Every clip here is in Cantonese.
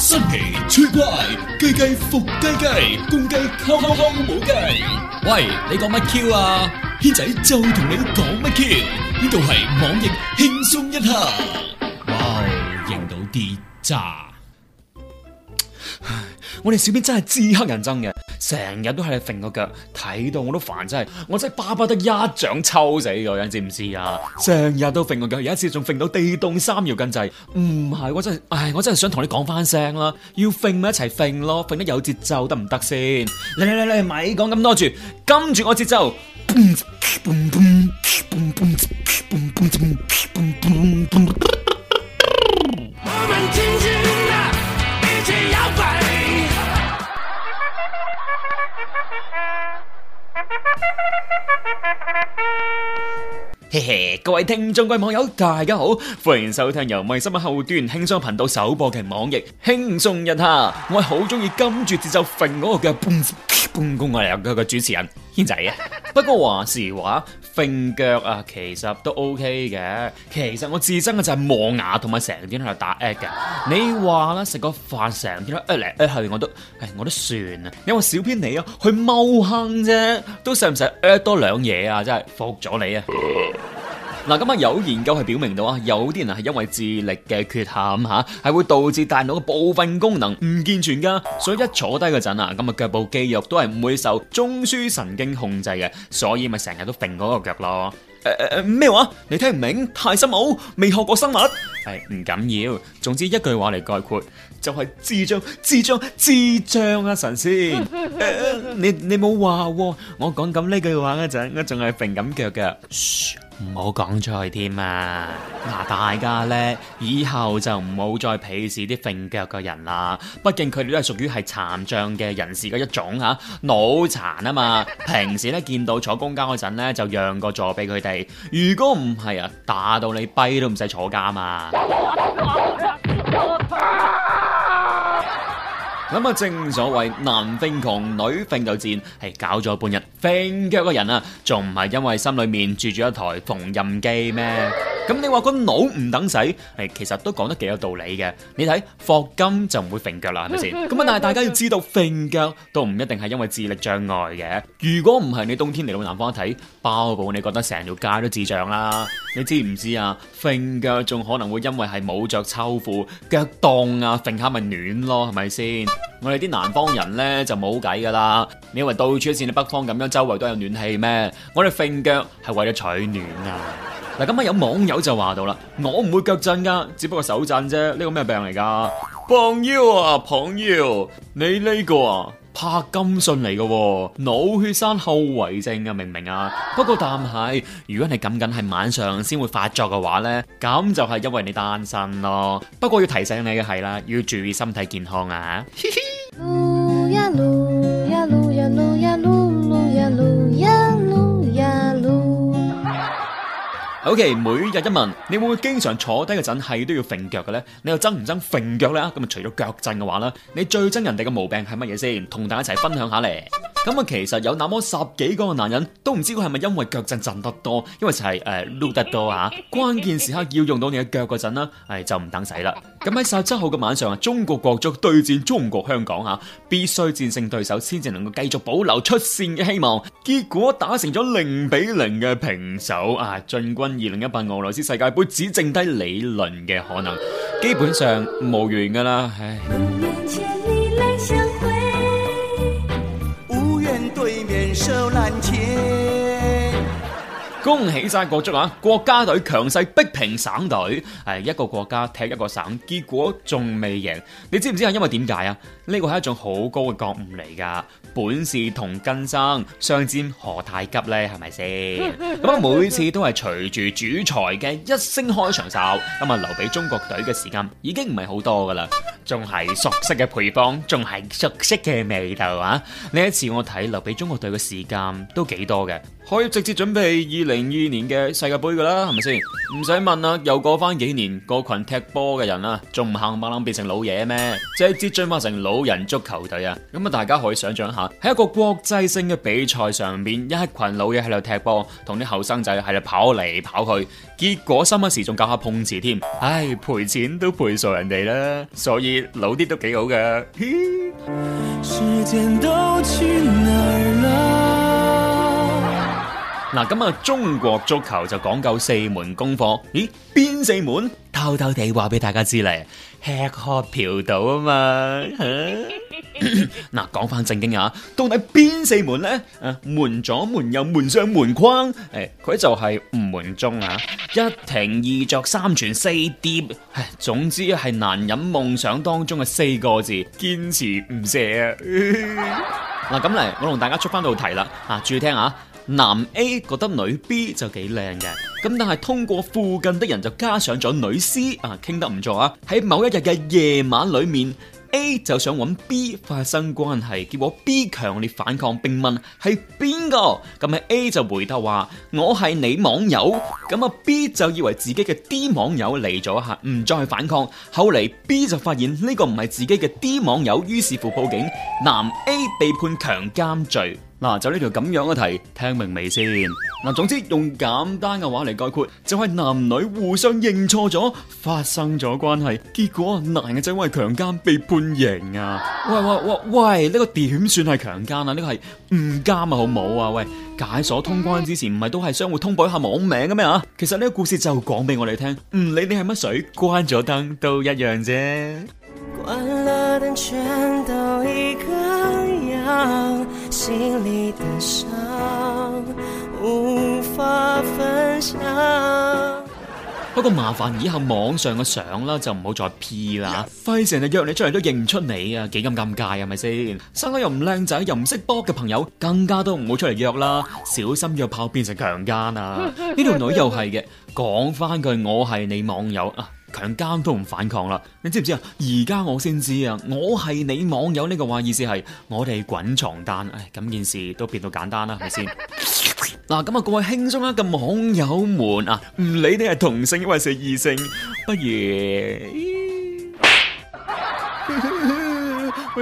新奇趣怪，雞雞伏雞雞，公雞敲敲敲冇雞。喂，你講乜 Q 啊？軒仔就同你講乜 Q？呢度係網易輕鬆一刻。哇哦，認到啲渣。我哋小編真係知黑人憎嘅，成日都係你揈個腳，睇到我都煩，真係，我真係巴不得一掌抽死佢，人，知唔知啊？成日都揈個腳，有一次仲揈到地動三搖咁滯，唔係我真係，唉，我真係想同你講翻聲啦，要揈咪一齊揈咯，揈得有節奏得唔得先？嚟嚟嚟，咪講咁多住，跟住我節奏。嘿嘿，各位聽眾、各位網友，大家好，歡迎收聽由微信嘅後端輕鬆頻道首播嘅網易輕鬆一下，我係好中意跟住節奏揈我個腳半半工嚟嘅個主持人，軒仔啊！不過話時話，揈腳啊，其實都 OK 嘅。其實我最憎嘅就係磨牙同埋成天喺度打 at 嘅。你話啦，食個飯成天都 at 嚟 at 去，我都唉、哎，我都算啊。你話小編你啊，去踎坑啫，都使唔使 at 多兩嘢啊？真係服咗你啊！啊嗱，咁啊有研究係表明到啊，有啲人啊係因為智力嘅缺陷吓，係會導致大腦嘅部分功能唔健全噶，所以一坐低嘅陣啊，咁啊腳部肌肉都係唔會受中樞神經控制嘅，所以咪成日都揈嗰個腳咯。誒誒誒，咩話？你聽唔明？太深奧，未學過生物？係唔緊要，總之一句話嚟概括，就係智障智障智障啊！神仙，你你冇話，我講緊呢句話嘅陣，我仲係揈緊腳嘅。噓唔好講出去添啊！嗱，大家呢，以後就唔好再鄙視啲揈腳嘅人啦，畢竟佢哋都係屬於係殘障嘅人士嘅一種嚇，腦殘啊嘛！平時呢見到坐公交嗰陣呢，就讓個座俾佢哋。如果唔係啊，打到你跛都唔使坐監啊！咁啊，正所謂男抖窮，女抖就賤」了，係搞咗半日抖腳嘅人啊，仲唔係因為心裏面住住一台縫紉機咩？咁你話個腦唔等死，係其實都講得幾有道理嘅。你睇霍金就唔會揈腳啦，係咪先？咁啊，但係大家要知道，揈腳都唔一定係因為智力障礙嘅。如果唔係，你冬天嚟到南方一睇，包保你覺得成條街都智障啦。你知唔知啊？揈腳仲可能會因為係冇着秋褲，腳凍啊，揈下咪暖咯，係咪先？我哋啲南方人咧就冇計噶啦。你以為到處都似你北方咁樣，周圍都有暖氣咩？我哋揈腳係為咗取暖啊！嗱，今晚有網友就話到啦，我唔會腳震噶，只不過手震啫。呢個咩病嚟噶？膀腰啊，膀腰，你呢個啊拍金信嚟嘅喎，腦血栓後遺症啊，明唔明啊？ 不過但係，如果你僅僅係晚上先會發作嘅話咧，咁就係因為你單身咯。不過要提醒你嘅係啦，要注意身體健康啊。嘻嘻。嗯嗯嗯。好嘅，每日一問，你會唔會經常坐低嗰陣係都要揈腳嘅咧？你又憎唔憎揈腳咧？咁啊，除咗腳震嘅話咧，你最憎人哋嘅毛病係乜嘢先？同大家一齊分享一下咧。咁啊，其實有那麼十幾個男人都唔知佢係咪因為腳震震得多，因為就係、是、誒、呃、擼得多啊。關鍵時刻要用到你嘅腳嗰陣啦，誒、哎、就唔等使啦。咁喺十七號嘅晚上啊，中國國足對戰中國香港啊，必須戰勝對手，先至能夠繼續保留出線嘅希望。結果打成咗零比零嘅平手啊，進軍。二零一八俄羅斯世界盃只剩低理論嘅可能，基本上無緣噶啦，唉！無緣千里來相會，無緣對面手難牽 恭喜晒國足啊！國家隊強勢逼平省隊，係一個國家踢一個省，結果仲未贏。你知唔知係因為點解啊？呢、這個係一種好高嘅覺悟嚟噶。本事同根生，相煎何太急咧？係咪先？咁啊，每次都係隨住主裁嘅一聲開場哨，咁啊留俾中國隊嘅時間已經唔係好多噶啦，仲係熟悉嘅配方，仲係熟悉嘅味道啊！呢一次我睇留俾中國隊嘅時間都幾多嘅，可以直接準備二零二二年嘅世界杯噶啦，係咪先？唔使問啦，又過翻幾年，個群踢波嘅人啊，仲唔行慢慢變成老嘢咩？直接進化成老人足球隊啊！咁啊，大家可以想象一下。喺一個國際性嘅比賽上邊，一群老嘢喺度踢波，同啲後生仔喺度跑嚟跑去，結果三一時仲搞下碰瓷添，唉，賠錢都賠傻人哋啦，所以老啲都幾好嘅。嘻,嘻，時間都去哪兒啦。嗱，咁啊，中國足球就講究四門功課，咦？邊四門？偷偷地話俾大家知嚟，吃喝嫖賭啊嘛。啊嗱，講翻正經啊，到底邊四門呢？啊，門左門右門上門框，誒，佢就係唔門中啊！一停二作三傳四跌，唉，總之係男人夢想當中嘅四個字，堅持唔射啊！嗱，咁嚟，我同大家出翻道題啦，吓，注意聽吓！男 A 覺得女 B 就幾靚嘅，咁但係通過附近的人就加上咗女 C，啊，傾得唔錯啊！喺某一日嘅夜晚裏面。A 就想揾 B 發生關係，結果 B 強烈反抗並問係邊個，咁啊 A 就回答話我係你網友，咁啊 B 就以為自己嘅 D 網友嚟咗吓，唔再反抗，後嚟 B 就發現呢個唔係自己嘅 D 網友，於是乎報警，男 A 被判強姦罪。嗱，就呢條咁樣嘅題，聽明未先？嗱，總之用簡單嘅話嚟概括，就係男女互相認錯咗，發生咗關係，結果男嘅就因為強姦被判刑啊！喂喂喂喂，呢個點算係強姦啊？呢個係誤監啊，好冇啊？喂，解鎖通關之前唔係都係相互通報一下網名嘅咩啊？其實呢個故事就講俾我哋聽，唔理你係乜水，關咗燈都一樣啫。關咗燈，全都一個。不過麻煩以後網上嘅相啦，就唔好再 P 啦。費、yes. 事人哋約你出嚟都認唔出你啊，幾咁尷尬啊？係咪先？生得又唔靚仔，又唔識波嘅朋友，更加都唔好出嚟約啦，小心約炮變成強奸啊！呢 條女又係嘅，講翻句，我係你網友啊。強姦都唔反抗啦，你知唔知啊？而家我先知啊，我係你網友呢，這個話的意思係，我哋滾床單，唉，咁件事都變到簡單啦，係咪先？嗱，咁啊，各位輕鬆啦，嘅網友們啊，唔理你係同性因還是異性，不如。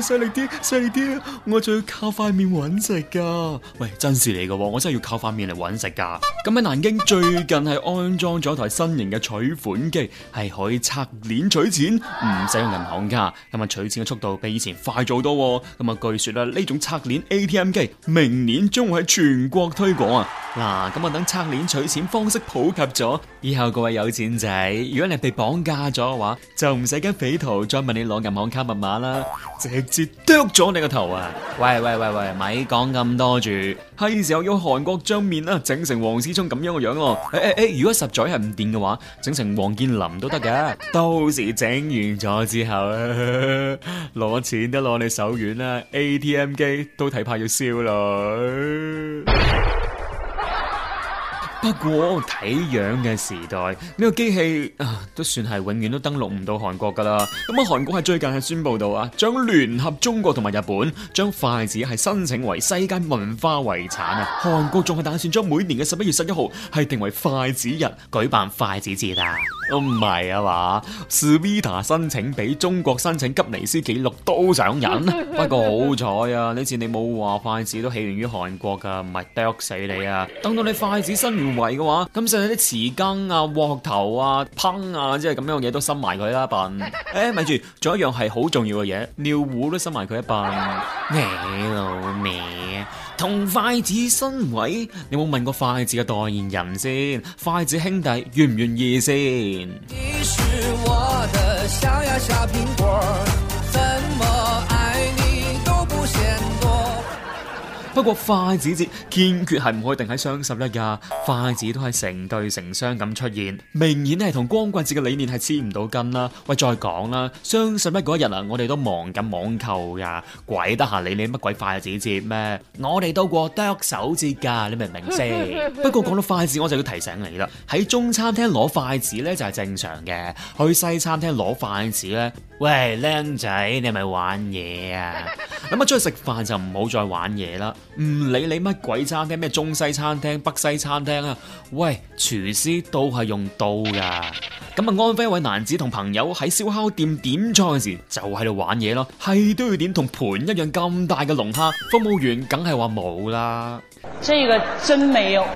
犀利啲，犀利啲！我仲要靠塊面搵食噶。喂，真是你噶，我真係要靠塊面嚟搵食噶。咁喺南京最近係安裝咗一台新型嘅取款機，係可以刷臉取錢，唔使用銀行卡。咁啊，取錢嘅速度比以前快咗多哦。咁啊，據說啦，呢種刷臉 ATM 機明年將會喺全國推廣啊。嗱，咁啊，等刷臉取錢方式普及咗以後，各位有錢仔，如果你被綁架咗嘅話，就唔使跟匪徒再問你攞銀行卡密碼啦。折啄咗你個頭啊！喂喂喂喂，咪講咁多住，係時候要韓國張面啦，整成黃思聰咁樣個樣咯。誒誒誒，如果實在係唔掂嘅話，整成王健林都得㗎。 到時整完咗之後、啊，攞錢都攞你手軟啦、啊、，ATM 機都睇怕要燒咯。不過睇樣嘅時代，呢個機器啊，都算係永遠都登陸唔到韓國噶啦。咁啊，韓國係最近係宣布到啊，將聯合中國同埋日本，將筷子係申請為世界文化遺產啊。韓國仲係打算將每年嘅十一月十一號係定為筷子日，舉辦筷子節啊。唔係啊嘛，Sveta 申請俾中國申請吉尼斯紀錄都上癮。不過好彩啊，呢次你冇話筷子都起源於韓國噶，唔係剁死你啊！等到你筷子申完。.位嘅話，咁上有啲匙羹啊、鑊頭啊、烹啊，即係咁樣嘢都收埋佢啦，一 並、欸。誒，咪住，仲有一樣係好重要嘅嘢，尿壺都收埋佢一笨， 你老味，同筷子身位，你有冇問過筷子嘅代言人先？筷子兄弟願唔願意先？不過筷子節堅決係唔可以定喺雙十一噶，筷子都係成對成雙咁出現，明顯咧係同光棍節嘅理念係黐唔到根啦。喂，再講啦，雙十一嗰日啊，我哋都忙緊網購噶，鬼得閒理你乜鬼筷子節咩？我哋都過剁手節噶，你明唔明先？ 不過講到筷子，我就要提醒你啦，喺中餐廳攞筷子咧就係、是、正常嘅，去西餐廳攞筷子咧，喂，靚仔你係咪玩嘢啊？咁啊出去食飯就唔好再玩嘢啦。唔理你乜鬼餐廳，咩中西餐廳、北西餐廳啊！喂，廚師都係用刀噶。咁啊，安徽一位男子同朋友喺燒烤店點菜時，就喺度玩嘢咯，係都要點同盤一樣咁大嘅龍蝦，服務員梗係話冇啦。這個真沒有。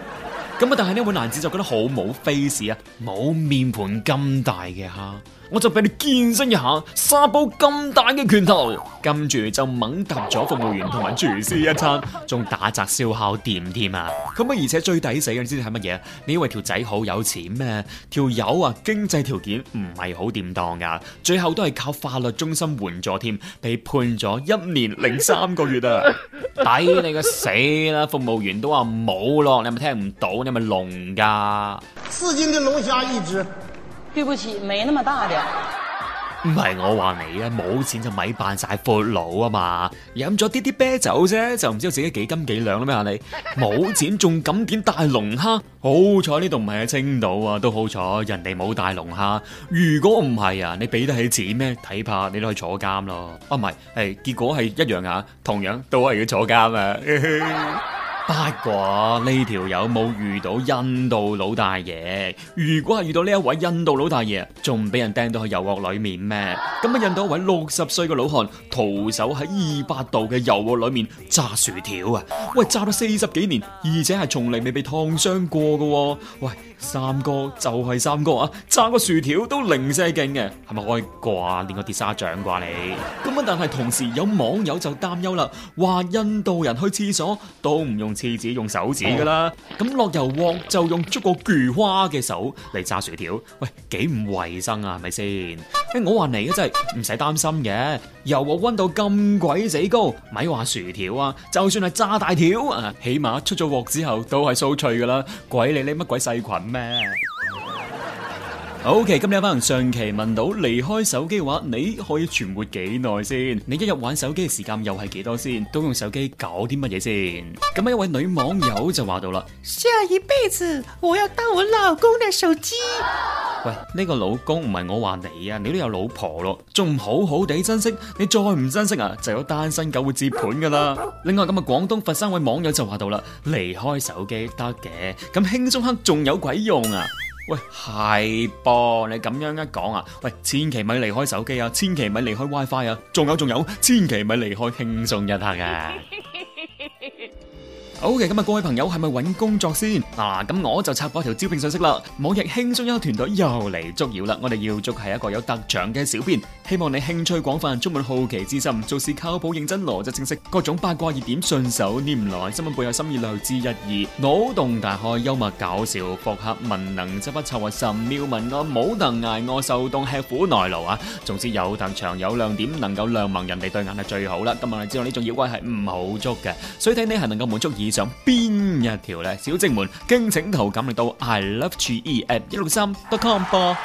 咁啊！但係呢位男子就覺得好冇 face 啊，冇面盤咁大嘅哈，我就俾你見識一下，沙煲咁大嘅拳頭，跟住就猛揼咗服務員同埋廚師一餐，仲打砸燒烤店添啊！咁啊！而且最抵死嘅，你知道係乜嘢？你以為條仔好有錢咩？條友啊，經濟條件唔係好掂當㗎，最後都係靠法律中心援助添，被判咗一年零三個月啊！抵 你個死啦！服務員都話冇咯，你係咪聽唔到？係咪龍噶？四斤嘅龍蝦一隻，對不起，沒那麼大的。唔係我話你啊，冇錢就咪扮晒闊佬啊嘛！飲咗啲啲啤酒啫，就唔知道自己幾斤幾兩啦咩？你冇錢仲敢點大龍蝦？ 好彩呢度唔係喺青島啊，都好彩，人哋冇大龍蝦。如果唔係啊，你俾得起錢咩？睇怕你都係坐監咯。啊，唔係，誒、欸，結果係一樣啊，同樣都係要坐監啊。 八卦呢條友冇遇到印度老大爺，如果係遇到呢一位印度老大爺仲唔俾人掟到去油鍋裏面咩？咁啊，印度一位六十歲嘅老漢，徒手喺二百度嘅油鍋裏面炸薯條啊！喂，炸咗四十幾年，而且係從嚟未被燙傷過噶喎。喂，三哥就係、是、三哥啊，炸個薯條都零舍勁嘅，係咪開掛？練個鐵砂掌啩你？咁啊，但係同時有網友就擔憂啦，話印度人去廁所都唔用。似自己用手指噶啦，咁落、啊、油鑊就用捉個菊花嘅手嚟炸薯條，喂，幾唔衛生啊，係咪先？誒、欸，我話你啊，真係唔使擔心嘅，油鑊溫度咁鬼死高，咪話薯條啊，就算係炸大條啊，起碼出咗鑊之後都係酥脆噶啦，鬼你呢乜鬼細菌咩？Ok，今日有班人上期問到離開手機嘅話，你可以存活幾耐先？你一日玩手機嘅時間又係幾多先？都用手機搞啲乜嘢先？咁一位女網友就話到啦：下一輩子我要當我老公嘅手機。喂，呢個老公唔係我話你啊，你都有老婆咯，仲唔好好地珍惜？你再唔珍惜啊，就有單身狗會接盤噶啦。另外，咁啊廣東佛山位網友就話到啦：離開手機得嘅，咁輕鬆黑仲有鬼用啊？喂，係噃，你咁樣一講啊，喂，千祈咪離開手機啊，千祈咪離開 WiFi 啊，仲有仲有，千祈咪離開輕鬆一刻啊！ OK，咁各位朋友係咪搵工作先？嗱，咁我就插播一條招聘信息啦。網易輕鬆優團隊又嚟捉妖啦！我哋要捉係一個有特長嘅小編，希望你興趣廣泛，充滿好奇之心，做事靠譜認真，邏輯清晰，各種八卦熱點順手拈來，新聞背後深意略知一二，腦洞大開，幽默搞笑，符合文能執筆湊啊神妙文案武能挨餓受凍吃苦耐勞啊！總之有特長有亮點，能夠亮盲人哋對眼係最好啦。今日知道呢種妖怪係唔好捉嘅，所以睇你係能夠滿足以。想邊一條咧，小精們，敬請投簡歷到 I love ge at 163.com 吧。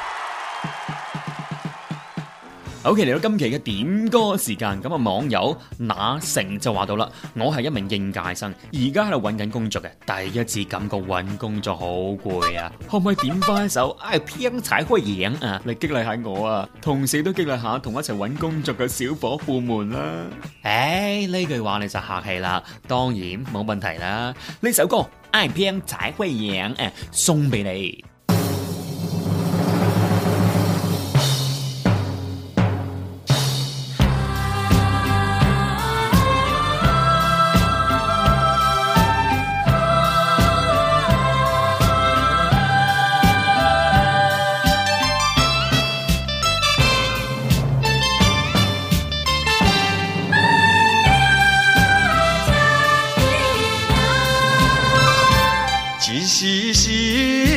好，嚟到今期嘅點歌時間。咁啊，網友那成就話到啦，我係一名應屆生，而家喺度揾緊工作嘅，第一次感覺揾工作好攰啊！可唔可以點翻一首 I P M 踩開影啊，嚟激勵下我啊，同時都激勵下同一齊揾工作嘅小伙伴們啦。誒，呢句話你就客氣啦，當然冇問題啦。呢首歌 I P M 踩開影，誒， 送俾你。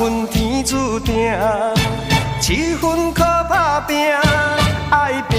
一份天注定，七分靠打拼，愛拼。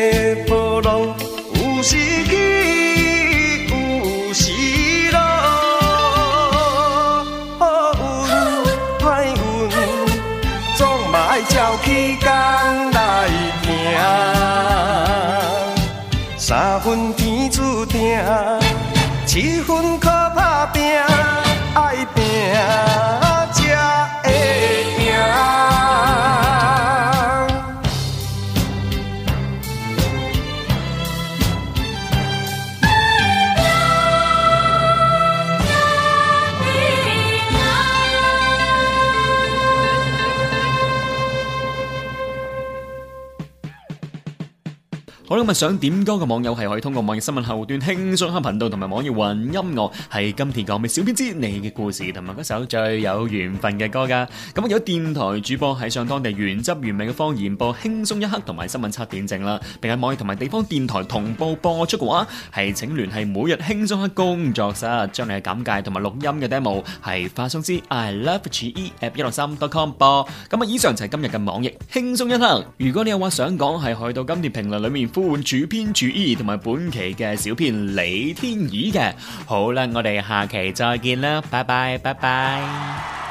係發送至 i love ch e app 163 dot com 播，咁啊以上就係今日嘅網易輕鬆一刻，如果你有話想講係去到今天評論裏面呼。本主編主義同埋本期嘅小編李天宇嘅，好啦，我哋下期再見啦，拜拜，拜拜。